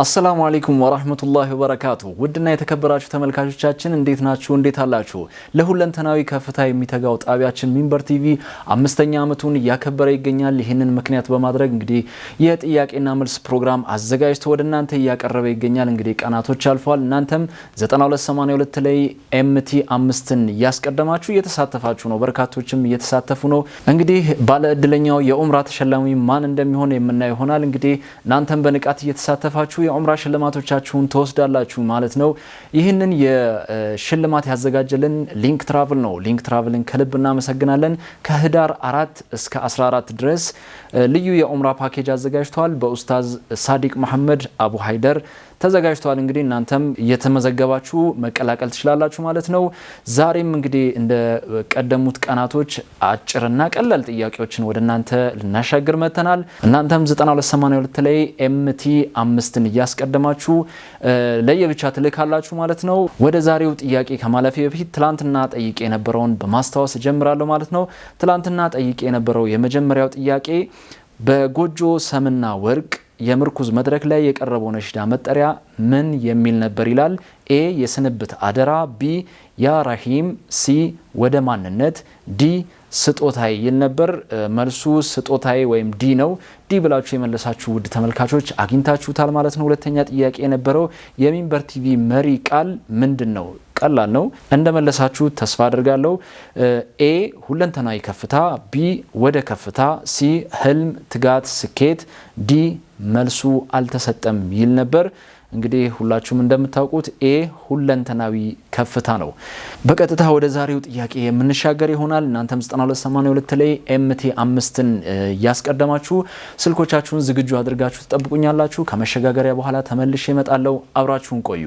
አሰላሙ አለይኩም ወራህመቱላሂ ወበረካቱ ውድና የተከበራችሁ ተመልካቾቻችን እንዴት ናችሁ? እንዴት አላችሁ? ለሁለንተናዊ ከፍታ የሚተጋው ጣቢያችን ሚንበር ቲቪ አምስተኛ ዓመቱን እያከበረ ይገኛል። ይህንን ምክንያት በማድረግ እንግዲህ የጥያቄና መልስ ፕሮግራም አዘጋጅቶ ወደ እናንተ እያቀረበ ይገኛል። እንግዲህ ቀናቶች አልፏል። እናንተም 9282 ላይ ኤምቲ አምስትን እያስቀደማችሁ እየተሳተፋችሁ ነው። በርካቶችም እየተሳተፉ ነው። እንግዲህ ባለ እድለኛው የኡምራ ተሸላሚ ማን እንደሚሆን የምናየው ይሆናል። እንግዲህ እናንተም በንቃት እየተሳተፋችሁ የዑምራ ሽልማቶቻችሁን ትወስዳላችሁ ማለት ነው። ይህንን የሽልማት ያዘጋጀልን ሊንክ ትራቭል ነው። ሊንክ ትራቭልን ከልብ እናመሰግናለን። ከህዳር አራት እስከ 14 ድረስ ልዩ የዑምራ ፓኬጅ አዘጋጅተዋል። በኡስታዝ ሳዲቅ መሐመድ አቡ ሀይደር ተዘጋጅተዋል። እንግዲህ እናንተም እየተመዘገባችሁ መቀላቀል ትችላላችሁ ማለት ነው። ዛሬም እንግዲህ እንደ ቀደሙት ቀናቶች አጭርና ቀላል ጥያቄዎችን ወደ እናንተ ልናሻግር መጥተናል። እናንተም 9282 ላይ ኤምቲ አምስትን እያስቀደማችሁ ለየብቻ ትልካላችሁ ማለት ነው። ወደ ዛሬው ጥያቄ ከማለፌ በፊት ትላንትና ጠይቄ የነበረውን በማስታወስ እጀምራለሁ ማለት ነው። ትላንትና ጠይቄ የነበረው የመጀመሪያው ጥያቄ በጎጆ ሰምና ወርቅ የምርኩዝ መድረክ ላይ የቀረበው ነሽዳ መጠሪያ ምን የሚል ነበር ይላል። ኤ የስንብት አደራ፣ ቢ ያ ራሂም፣ ሲ ወደ ማንነት፣ ዲ ስጦታይ ይል ነበር። መልሱ ስጦታይ ወይም ዲ ነው። ዲ ብላችሁ የመለሳችሁ ውድ ተመልካቾች አግኝታችሁታል ማለት ነው። ሁለተኛ ጥያቄ የነበረው የሚንበር ቲቪ መሪ ቃል ምንድን ነው? ቀላል ነው። እንደመለሳችሁ ተስፋ አድርጋለሁ። ኤ ሁለንተናዊ ከፍታ፣ ቢ ወደ ከፍታ፣ ሲ ህልም፣ ትጋት፣ ስኬት፣ ዲ መልሱ አልተሰጠም ይል ነበር። እንግዲህ ሁላችሁም እንደምታውቁት ኤ ሁለንተናዊ ከፍታ ነው። በቀጥታ ወደ ዛሬው ጥያቄ የምንሻገር ይሆናል። እናንተም 9282 ላይ ኤምቲ አምስትን እያስቀደማችሁ ስልኮቻችሁን ዝግጁ አድርጋችሁ ትጠብቁኛላችሁ። ከመሸጋገሪያ በኋላ ተመልሼ እመጣለሁ። አብራችሁን ቆዩ።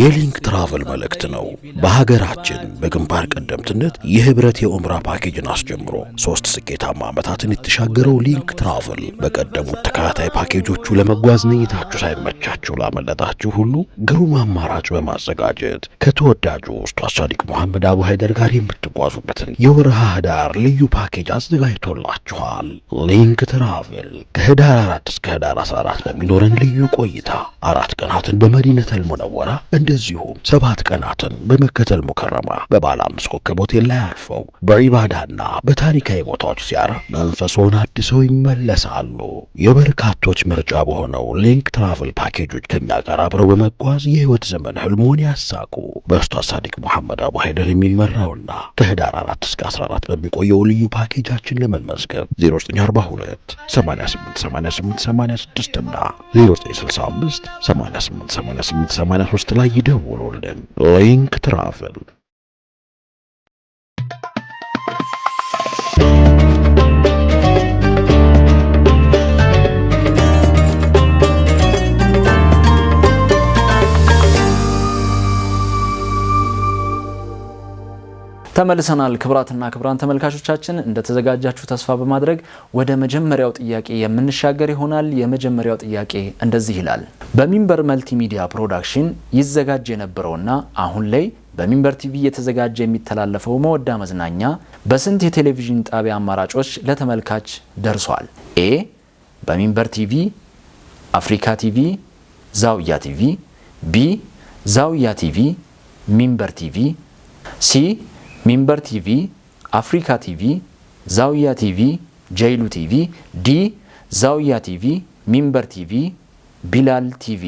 የሊንክ ትራቨል መልእክት ነው። በሀገራችን በግንባር ቀደምትነት የህብረት የኡምራ ፓኬጅን አስጀምሮ ሶስት ስኬታማ ዓመታትን የተሻገረው ሊንክ ትራቨል በቀደሙት ተከታታይ ፓኬጆቹ ለመጓዝ ነኝታችሁ ሳይመቻችሁ ላመለጣችሁ ሁሉ ግሩም አማራጭ በማዘጋጀት ከተወዳጁ ኡስታዝ ሳዲቅ መሐመድ አቡ ሀይደር ጋር የምትጓዙበትን የወርሃ ህዳር ልዩ ፓኬጅ አዘጋጅቶላችኋል። ሊንክ ትራቨል ከህዳር አራት እስከ ህዳር 14 በሚኖረን ልዩ ቆይታ አራት ቀናትን በመዲነተል ሙነወራ እንደዚሁም ሰባት ቀናትን በመከተል ሙከረማ በባለ አምስት ኮከብ ሆቴል ላይ አርፈው በዒባዳና በታሪካዊ ቦታዎች ሲያርፍ መንፈሶን አድሰው ይመለሳሉ። የበርካቶች ምርጫ በሆነው ሊንክ ትራቭል ፓኬጆች ከኛ ጋር አብረው በመጓዝ የህይወት ዘመን ህልሞን ያሳቁ። በኡስታዝ ሳዲቅ መሐመድ አቡ ሀይደር የሚመራውና ከህዳር 4 እስከ 14 በሚቆየው ልዩ ፓኬጃችን ለመመዝገብ 0942 88 88 86 እና 0965 88 88 83 like the do link travel ተመልሰናል። ክብራትና ክብራን ተመልካቾቻችን እንደተዘጋጃችሁ ተስፋ በማድረግ ወደ መጀመሪያው ጥያቄ የምንሻገር ይሆናል። የመጀመሪያው ጥያቄ እንደዚህ ይላል። በሚንበር መልቲሚዲያ ፕሮዳክሽን ይዘጋጅ የነበረውና አሁን ላይ በሚንበር ቲቪ እየተዘጋጀ የሚተላለፈው መወዳ መዝናኛ በስንት የቴሌቪዥን ጣቢያ አማራጮች ለተመልካች ደርሷል? ኤ በሚንበር ቲቪ፣ አፍሪካ ቲቪ፣ ዛውያ ቲቪ፣ ቢ ዛውያ ቲቪ፣ ሚንበር ቲቪ፣ ሲ ሚንበር ቲቪ፣ አፍሪካ ቲቪ፣ ዛውያ ቲቪ፣ ጀይሉ ቲቪ፣ ዲ ዛውያ ቲቪ፣ ሚንበር ቲቪ፣ ቢላል ቲቪ።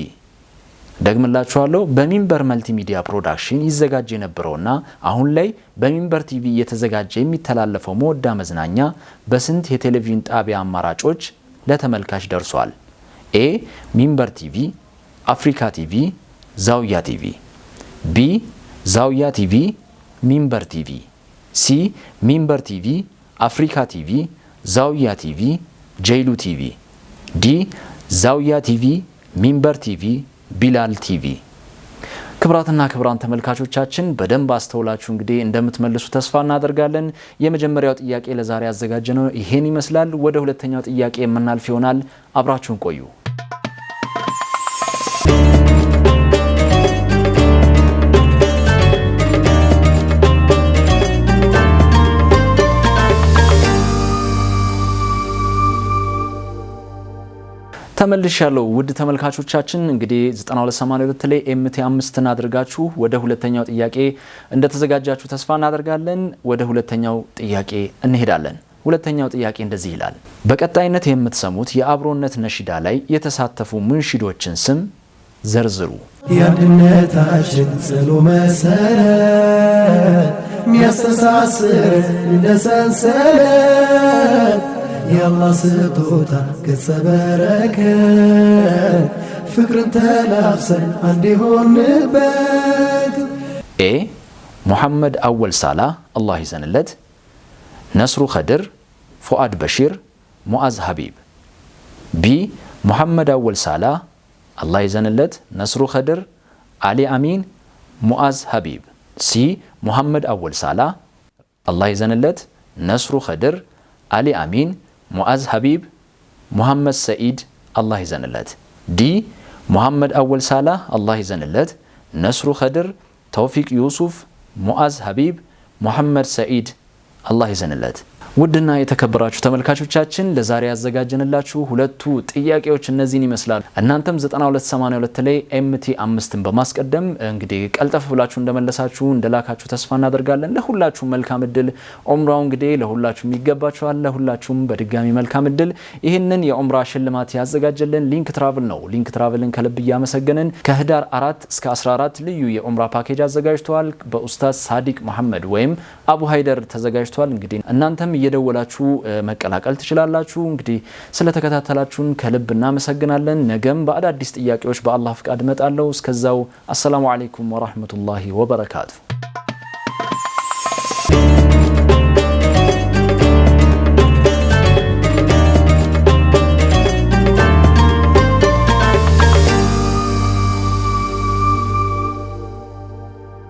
ደግምላችኋለሁ። በሚንበር መልቲሚዲያ ፕሮዳክሽን ይዘጋጅ የነበረውና አሁን ላይ በሚንበር ቲቪ እየተዘጋጀ የሚተላለፈው መወዳ መዝናኛ በስንት የቴሌቪዥን ጣቢያ አማራጮች ለተመልካች ደርሷል? ኤ ሚንበር ቲቪ፣ አፍሪካ ቲቪ፣ ዛውያ ቲቪ። ቢ ዛውያ ቲቪ ሚንበር ቲቪ፣ ሲ ሚንበር ቲቪ፣ አፍሪካ ቲቪ፣ ዛውያ ቲቪ፣ ጀይሉ ቲቪ፣ ዲ ዛውያ ቲቪ፣ ሚንበር ቲቪ፣ ቢላል ቲቪ። ክብራትና ክብራን ተመልካቾቻችን በደንብ አስተውላችሁ እንግዲህ እንደምትመልሱ ተስፋ እናደርጋለን። የመጀመሪያው ጥያቄ ለዛሬ ያዘጋጀ ነው ይሄን ይመስላል። ወደ ሁለተኛው ጥያቄ የምናልፍ ይሆናል። አብራችሁን ቆዩ። ተመልሻለሁ ውድ ተመልካቾቻችን እንግዲህ 9282 ላይ ኤምቲ አምስትን አድርጋችሁ ወደ ሁለተኛው ጥያቄ እንደተዘጋጃችሁ ተስፋ እናደርጋለን። ወደ ሁለተኛው ጥያቄ እንሄዳለን። ሁለተኛው ጥያቄ እንደዚህ ይላል። በቀጣይነት የምትሰሙት የአብሮነት ነሺዳ ላይ የተሳተፉ ሙንሺዶችን ስም ዘርዝሩ። የአንድነታችን ጽኑ መሰረት ሚያስተሳስር እንደ ሰንሰለት يلا سطوطة قصة بركة فكر انت لابسن عندي هون البيت ايه محمد اول سالة الله يزن يزنلت نصر خدر فؤاد بشير مؤاز حبيب بي محمد اول سالة الله يزن يزنلت نصر خدر علي امين مؤاز حبيب سي محمد اول سالة الله يزن يزنلت نصر خدر علي امين ሙዓዝ ሀቢብ፣ ሙሐመድ ሰኢድ አላህ ይዘንለት። ዲ ሙሐመድ አወል ሳላህ አላህ ይዘንለት። ነስሩ ኸድር፣ ተውፊቅ ዩሱፍ፣ ሙዓዝ ሀቢብ፣ ሙሐመድ ሰኢድ አላህ ይዘንለት። ውድና የተከበራችሁ ተመልካቾቻችን ለዛሬ ያዘጋጀንላችሁ ሁለቱ ጥያቄዎች እነዚህን ይመስላል። እናንተም 9282 ላይ ኤምቲ አምስትን በማስቀደም እንግዲህ ቀልጠፍ ብላችሁ እንደመለሳችሁ እንደላካችሁ ተስፋ እናደርጋለን። ለሁላችሁም መልካም እድል። ኦምራው እንግዲህ ለሁላችሁም ይገባችኋል። ለሁላችሁም በድጋሚ መልካም እድል። ይህንን የኦምራ ሽልማት ያዘጋጀልን ሊንክ ትራቭል ነው። ሊንክ ትራቭልን ከልብ እያመሰገንን ከህዳር 4 እስከ 14 ልዩ የኦምራ ፓኬጅ አዘጋጅተዋል። በኡስታዝ ሳዲቅ መሐመድ ወይም አቡ ሀይደር ተዘጋጅተዋል። እንግዲህ እናንተም እየደወላችሁ መቀላቀል ትችላላችሁ። እንግዲህ ስለተከታተላችሁን ከልብ እናመሰግናለን። ነገም በአዳዲስ ጥያቄዎች በአላህ ፍቃድ እመጣለሁ። እስከዛው አሰላሙ አለይኩም ወራህመቱላሂ ወበረካቱ።